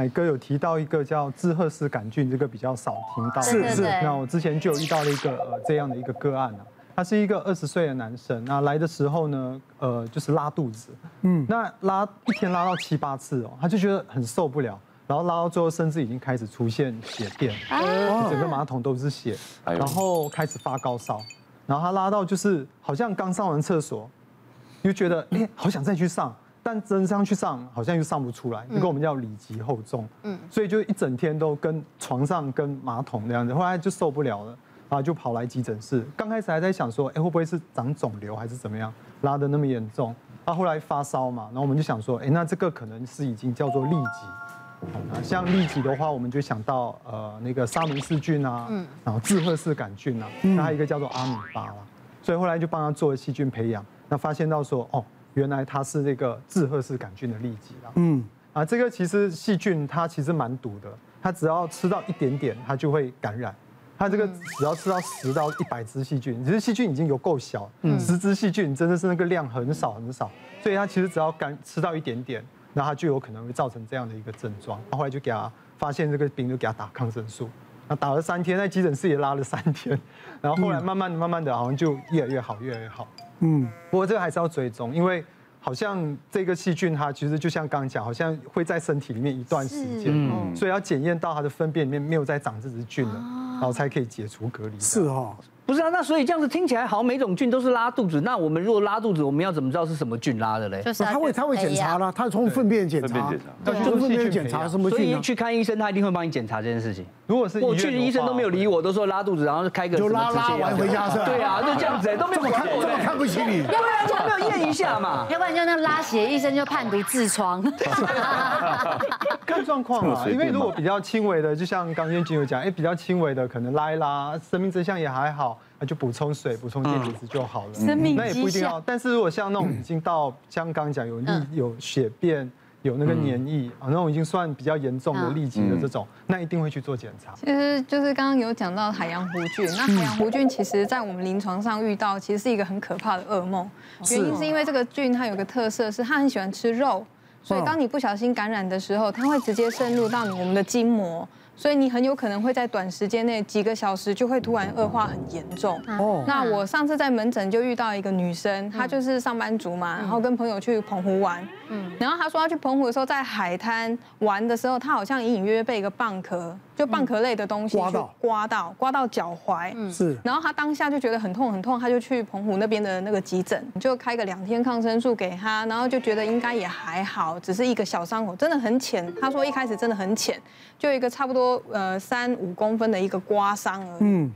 乃哥有提到一個叫志賀氏桿菌，這個比較少聽到的。是是。那我之前就有遇到了一個呃這樣的一個個案啊，他是一個二十歲的男生，那、啊、來的時候呢，呃就是拉肚子，嗯，那拉一天拉到七八次哦，他就覺得很受不了，然後拉到最後甚至已經開始出現血便，哎、整個馬桶都是血、哎，然後開始發高燒，然後他拉到就是好像剛上完廁所，又覺得哎好想再去上。但真上去上好像又上不出來，因為我們叫裡急後重，嗯，嗯，嗯、所以就一整天都跟床上跟馬桶那樣子，後來就受不了了啊，然後就跑來急診室。剛開始還在想說，哎、欸，會不會是長腫瘤還是怎麼樣，拉得那麼嚴重？他、啊、後來發燒嘛，然後我們就想說，哎、欸，那這個可能是已經叫做痢疾，像痢疾的話，我們就想到呃那個沙門氏菌啊，嗯嗯嗯然後志賀氏桿菌啊，那還有一個叫做阿米巴了，所以後來就幫他做了細菌培養，那發現到說哦。原來它是那個志賀氏桿菌的痢疾了。嗯，啊，這個其實細菌它其實蠻毒的，它只要吃到一點點，它就會感染。它這個只要吃到十到一百隻細菌，其實細菌已經有夠小，十隻細菌真的是那個量很少很少，所以它其實只要感吃到一點點，然後它就有可能會造成這樣的一個症狀。然後後來就給他發現這個病，就給他打抗生素，那打了三天，在急診室也拉了三天，然後後來慢慢的慢慢的，好像就越來越好，越來越好。嗯，不過這個還是要追蹤，因為好像這個細菌它其實就像剛剛講，好像會在身體裡面一段時間，所以要檢驗到它的糞便裡面沒有再長這隻菌了，啊、然後才可以解除隔離。是哦？不是啊，那所以這樣子聽起來好像每種菌都是拉肚子。那我們如果拉肚子，我們要怎麼知道是什麼菌拉的嘞？他、就是啊、會他會檢查啦，他從糞便檢查，糞便檢查，從糞便檢查、啊、所以去看醫生，他一定會幫你檢查這件事情。如果是我去年醫生都沒有理我，都說拉肚子，然後開個血血就拉拉完回家是吧？對啊，就這樣子，都沒有看我，根本、啊、看不起你。要不然 就沒有驗一下嘛，要不然就那拉血， 醫生就判讀痔瘡。 看狀況嘛，因為如果比較輕微的， 就像剛剛彥君講，哎，比較輕微的可能拉一拉，生命真相也還好。就補充水、補充電解質就好了。生命。那也不一定要。但是如果像那種已經到像剛講有力有血便、有那個黏液啊，那種已經算比較嚴重的痢疾的這種，那一定會去做檢查。其實就是剛剛有講到海洋弧菌，那海洋弧菌其實在我們臨床上遇到，其實是一個很可怕的噩夢。原因是因為這個菌它有個特色，是它很喜歡吃肉，所以當你不小心感染的時候，它會直接滲入到你我們的筋膜。所以你很有可能會在短時間內，幾個小時就會突然惡化很嚴重。哦，那我上次在門診就遇到一個女生，嗯，她就是上班族嘛，然後跟朋友去澎湖玩。嗯，然後他說他去澎湖的時候，在海灘玩的時候，他好像隱隱約約被一個蚌殼，就蚌殼類的東西刮到，嗯，刮到，刮到腳踝。嗯，是。然後他當下就覺得很痛很痛，他就去澎湖那邊的那個急診，就開個兩天抗生素給他，然後就覺得應該也還好，只是一個小傷口，真的很淺。他說一開始真的很淺，就一個差不多呃三五公分的一個刮傷而已。嗯。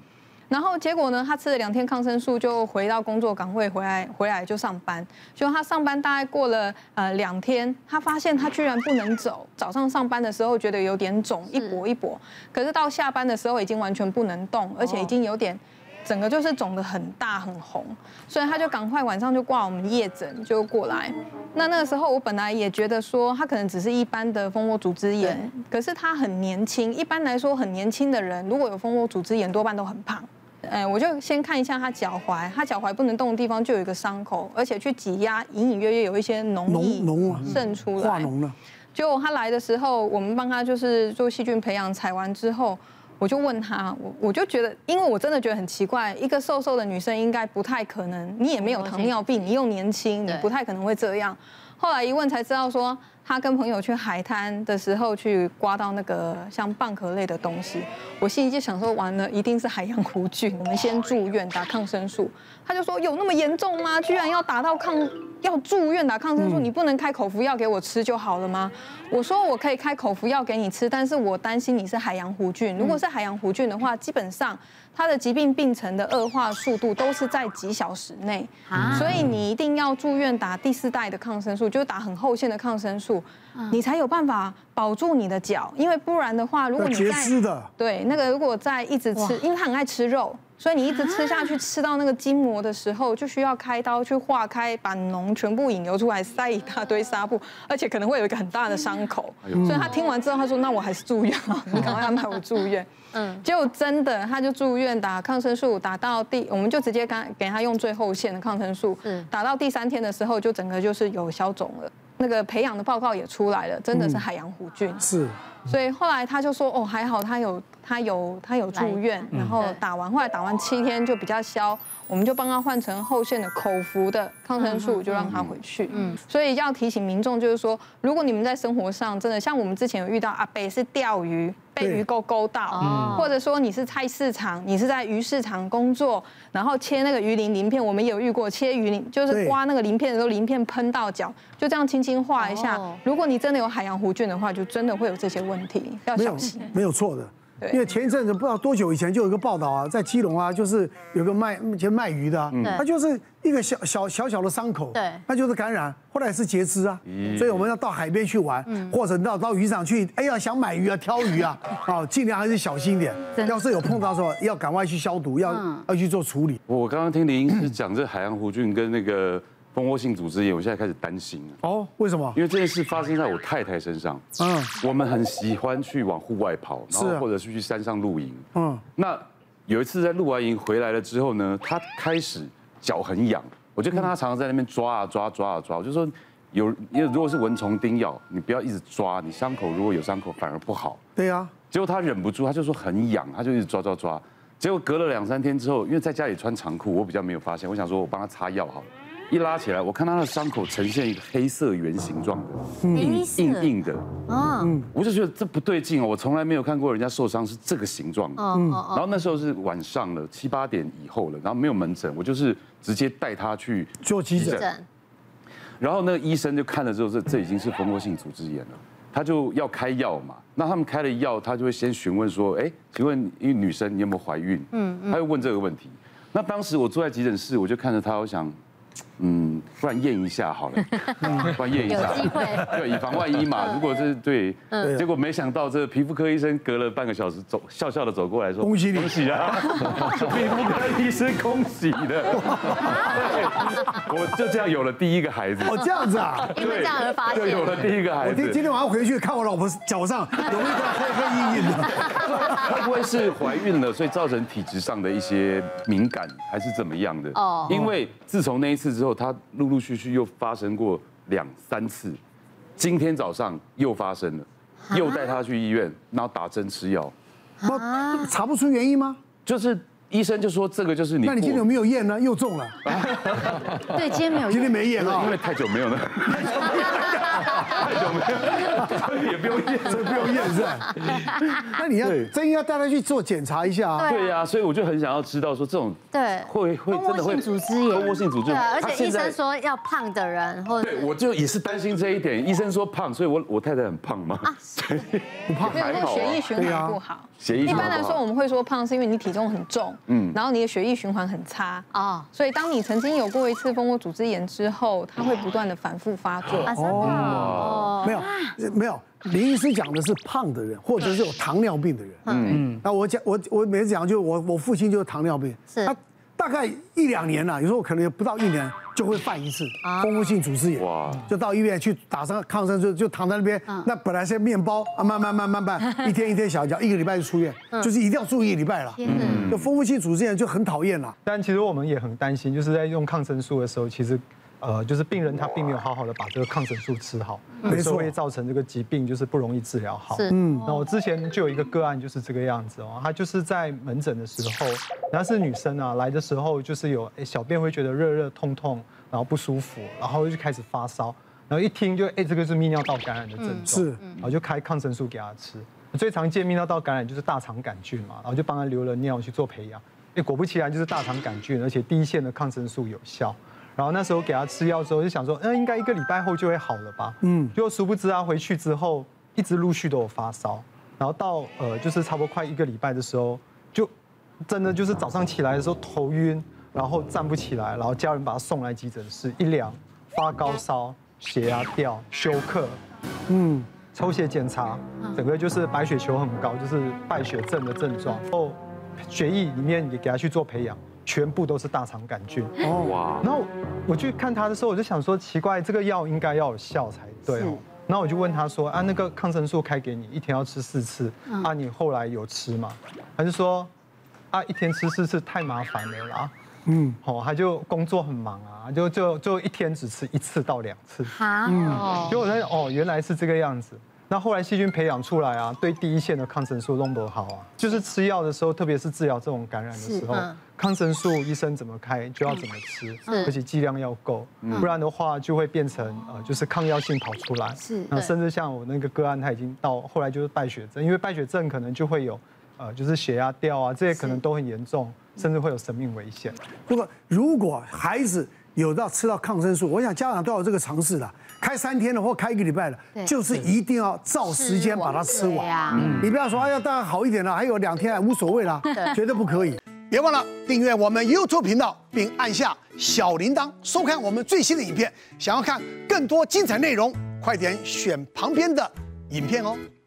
然後結果呢？他吃了兩天抗生素，就回到工作崗位。回來回來就上班。就他上班大概過了呃兩天，他發現他居然不能走。早上上班的時候覺得有點腫，一跛一跛。可是到下班的時候已經完全不能動，而且已經有點整個就是腫得很大很紅。所以他就趕快晚上就掛我們夜診就過來。那那個時候我本來也覺得說他可能只是一般的蜂窩組織炎。可是他很年輕，一般來說很年輕的人如果有蜂窩組織炎，多半都很胖。哎，我就先看一下他腳踝，他腳踝不能動的地方就有一個傷口，而且去擠壓，隱隱約約有一些膿膿滲出來。化膿了。結果他來的時候，我們幫他就是做細菌培養，採完之後，我就問他，我我就覺得，因為我真的覺得很奇怪，一個瘦瘦的女生應該不太可能，你也沒有糖尿病，你又年輕，你不太可能會這樣。後來一問才知道說。他跟朋友去海灘的時候，去刮到那個像蚌殼類的東西，我心裡就想說，完了，一定是海洋弧菌，我們先住院打抗生素。他就說，有那麼嚴重嗎？居然要打到抗，要住院打抗生素？你不能開口服藥給我吃就好了嗎？我說，我可以開口服藥給你吃，但是我擔心你是海洋弧菌。如果是海洋弧菌的話，基本上它的疾病病程的惡化速度都是在幾小時內啊，所以你一定要住院打第四代的抗生素，就是打很後線的抗生素。你才有辦法保住你的腳，因為不然的話，如果你截肢的，對，那個如果再一直吃，因為他很愛吃肉，所以你一直吃下去，吃到那個筋膜的時候，就需要開刀去化開，把膿全部引流出來，塞一大堆紗布，而且可能會有一個很大的傷口。所以他聽完之後，他說：“那我還是住院啊。”你趕快安排我住院，嗯，結果真的，他就住院打抗生素，打到第，我們就直接給他給他用最後線的抗生素，打到第三天的時候，就整個就是有消腫了。那個培養的報告也出來了，真的是海洋弧菌。嗯、是、嗯，所以後來他就說，哦，還好他有他有他有住院，然後打完、嗯，後來打完七天就比較消，我們就幫他換成後線的口服的抗生素，嗯、就讓他回去嗯。嗯，所以要提醒民眾就是說，如果你們在生活上真的像我們之前有遇到阿北是釣魚。被魚鈎勾，勾到，嗯，或者說你是菜市場，你是在魚市場工作，然後切那個魚鱗鱗片，我們也有遇過，切魚鱗就是刮那個鱗片的時候，鱗片噴到腳，就這樣輕輕劃一下。如果你真的有海洋弧菌的話，就真的會有這些問題，要小心，沒有錯的。因為前一陣子不知道多久以前就有一個報道啊，在基隆啊，就是有個賣前賣魚的，啊，它就是一個小小小小的傷口，那就是感染，後來是截肢啊。所以我們要到海邊去玩，嗯，或者到到漁場去，哎呀想買魚啊，挑魚啊，啊盡量還是小心一點。要是有碰到的時候，要趕快去消毒，要，嗯，要去做處理。我剛剛聽您是講這海洋弧菌跟那個。蜂窩性組織炎，我現在開始擔心了哦，為什麼？因為這件事發生在我太太身上。嗯，我們很喜歡去往戶外跑，是啊，然後或者是去山上露營。嗯，那有一次在露完營回來了之後呢，他開始腳很癢，我就看他常常在那邊抓啊抓啊抓啊抓，抓啊抓，我就說有，因為如果是蚊蟲叮咬，你不要一直抓，你傷口如果有傷口反而不好。對呀，啊。結果他忍不住，他就說很癢，他就一直抓抓抓。結果隔了兩三天之後，因為在家裡穿長褲，我比較沒有發現。我想說我幫他擦藥好了，一拉起來，我看他的傷口呈現一個黑色圓形狀的硬硬硬的，嗯，我就覺得這不對勁哦，我從來沒有看過人家受傷是這個形狀哦、嗯，然後那時候是晚上了，七八點以後了，然後沒有門診，我就是直接帶他去做急診，然後那個醫生就看了之後，這這已經是蜂窩性組織炎了，他就要開藥嘛，那他們開了藥，他就會先詢問說，哎、欸，請問因為女生，你有沒有懷孕？嗯，嗯，他就問這個問題，那當時我坐在急診室，我就看着他，我想。嗯，亂驗一下好了，亂驗一下，有機會，就以防萬一嘛。如果是對，對，結果沒想到這皮膚科醫生隔了半個小時走，笑笑的走過來說：“恭喜你，恭喜啊！”皮膚科醫生恭喜的，我就這樣有了第一個孩子。哦，這樣子啊？因為這樣而發現，就有了第一個孩子。我今今天晚上回去看我老婆腳上容易有黑黑硬硬的，會不會是懷孕了，所以造成體質上的一些敏感還是怎麼樣的？哦，因為自從那一次。次之後，他陸陸續續又發生過兩三次，今天早上又發生了，又帶他去醫院，然後打針吃藥、啊，查不出原因嗎？就是醫生就說這個就是你。那你今天有沒有驗呢？又中了、啊。對，今天沒有驗。今天沒驗啊、哦？因為太久沒有了、那個。 有沒有？也不用驗，這不用驗是吧？那你要真要帶他去做檢查一下啊。對呀、啊，啊、所以我就很想要知道說，這種會、對、會會真的會蜂窩性組織炎？蜂窩性組織，對，而且醫生說要胖的人或者，對，我就也是擔心這一點。醫生說胖，所以我我太太很胖嗎？啊，不胖還好。因為血液循環不好。啊、血液、嗯、一般來說我們會說胖是因為你體重很重，嗯，然後你的血液循環很差啊、嗯。所以當你曾經有過一次蜂窩組織炎之後，它會不斷的反覆發作、啊。哦、wow.，沒有，沒有。林醫師講的是胖的人，或者是有糖尿病的人。嗯，那我講，我我每次講，就我我父親就是糖尿病，他大概一兩年了、啊，有時候可能也不到一年就會犯一次。啊，蜂窩性組織炎。哇，就到醫院去打上抗生素，就躺在那邊。Wow. 那本來是麵包，啊，慢慢慢慢慢，一天一天小腳，一個禮拜就出院、嗯，就是一定要住一禮拜了。天哪，就蜂窩性組織炎就很討厭了、啊。但其實我們也很擔心，就是在用抗生素的時候，其實。呃，就是病人他並沒有好好的把這個抗生素吃好，所以說會造成這個疾病就是不容易治療好。嗯。那我之前就有一個個案就是這個樣子哦，她就是在門診的時候，她是女生啊，來的時候就是有欸小便會覺得熱熱痛痛，然後不舒服，然後就開始發燒，然後一聽就哎、欸、這個是泌尿道感染的症狀，是，然後就開抗生素給他吃。最常見泌尿道感染就是大腸桿菌嘛，然後就幫他留了尿去做培養，果不其然就是大腸桿菌，而且第一線的抗生素有效。然後那時候給他吃藥之後，就想說，嗯，應該一個禮拜後就會好了吧。嗯。結果殊不知啊，回去之後一直陸續都有發燒，然後到呃，就是差不多快一個禮拜的時候，就真的就是早上起來的時候頭暈，然後站不起來，然後家人把他送來急診室，一量發高燒，血壓掉，休克。嗯。抽血檢查，整個就是白血球很高，就是敗血症的症狀。然後血液裡面也給他去做培養。全部都是大腸桿菌哦哇！Oh, wow. 然後我，我去看他的時候，我就想說，奇怪，這個藥應該要有效才對哦、喔。然後我就問他說啊，那個抗生素開給你，一天要吃四次、Uh-huh. 啊，你後來有吃嗎？他就說啊，一天吃四次太麻煩了啦。嗯，哦，他就工作很忙啊，就就就一天只吃一次到兩次啊。Uh-huh. 嗯，就我在想哦、喔，原來是這個樣子。那後來細菌培養出來啊，對第一線的抗生素用不好啊，就是吃藥的時候，特別是治療這種感染的時候，啊、抗生素醫生怎麼開就要怎麼吃，而且劑量要夠、嗯，不然的話就會變成呃，就是抗藥性跑出來。是，那甚至像我那個個案，他已經到後來就是敗血症，因為敗血症可能就會有呃，就是血壓掉啊，這些可能都很嚴重，甚至會有生命危險。不過如果孩子。有的吃到抗生素，我想家長都要有這個嘗試的，開三天了或開一個禮拜了，就是一定要照時間把它吃完。你不要說哎呀，當然好一點了，還有兩天無所謂了，絕對不可以。別忘了訂閱我們 YouTube 頻道，並按下小鈴鐺，收看我們最新的影片。想要看更多精彩內容，快點選旁邊的影片哦、喔。